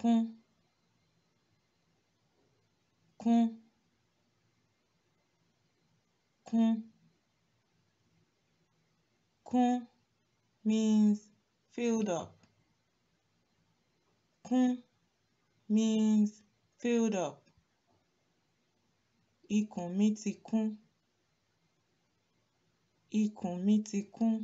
kún kún kún kún means filled up kún means filled up ikùn mi ti kún ikùn mi ti kún